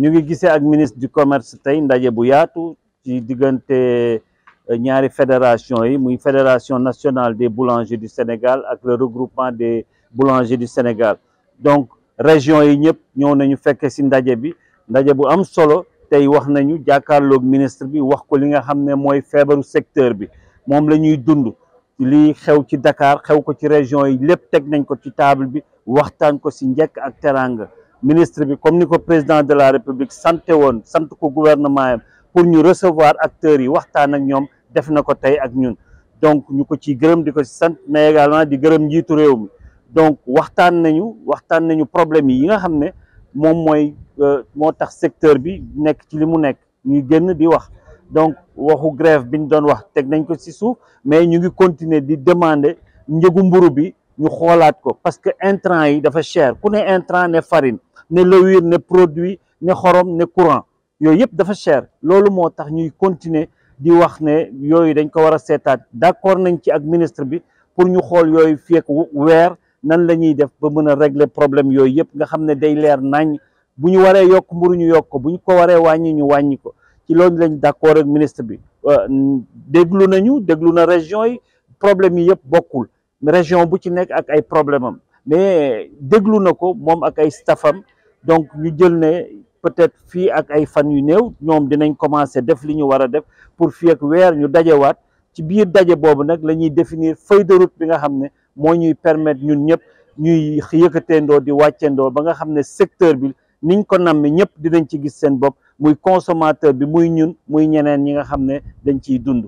ñu ngi gisee ak ministre du commerce tey ndaje bu yaatu ci diggante euh, ñaari fédération yi muy fédération nationale des boulangers du Sénégal ak le regroupement des boulangers du Sénégal donc région yi ñëpp ñëw nañu fekke si ndaje bi ndaje bu am solo tey wax nañu jàkkaarloog ministre bi wax ko li nga xam ne mooy feebaru secteur bi moom la ñuy dund lii xew ci Dakar xew ko ci région yi lépp teg nañ ko ci taable bi waxtaan ko si njëkk ak teraanga ministre bi comme ni ko président de la république sante woon sant ko gouvernement yam pour ñu recevoir acteurs yi waxtaan ak ñoom def na ko tey ak ñun donc ñu ko ci gërëm di ko ci sant mais également di gërëm njiitu réew mi donc waxtaan nañu waxtaan nañu problème yi nga xam ne moom mooy euh, moo tax secteur bi nekk ci li mu nekk ñuy génn di wax donc waxu grève bi ñu doon wax teg nañ ko ci suuf mais ñu ngi continuer di demander njëgu mburu bi ñu xoolaat ko parce que intrant yi dafa cher ku ne intrant ne farine ne lewir ne produit ne xorom ne courant yooyu yëpp dafa cher loolu moo tax ñuy continuer di wax ne yooyu dañ ko war a seetaat d'accord nañ ci ak ministre bi pour ñu xool yooyu fii weer nan la ñuy def ba mën a régler problème yooyu yëpp nga xam ne day leer nañ bu ñu waree yokk mburu ñu yokk ko bu ñu ko waree wàññi ñu wàññi ko ci loolu lañ d'accord ak ministre bi euh, déglu nañu déglu na région yi problème yi yëpp bokkul région bu ci nekk ak ay problème am mais déglu na ko moom ak ay staffam donc ñu jël ne peut-être fii ak ay fan yu néew ñoom dinañ commencer def li ñu war a def pour fii ak weer ñu dajewaat ci biir daje boobu nag la ñuy définir feuille de route bi nga xam ne moo ñuy permettre ñun ñëpp ñuy yëkkateendoo di wàccendoo ba nga xam ne secteur bi niñ ko nammee ñëpp dinañ ci gis seen bopp muy consommateur bi muy ñun muy ñeneen ñi nga xam ne dañ ciy dund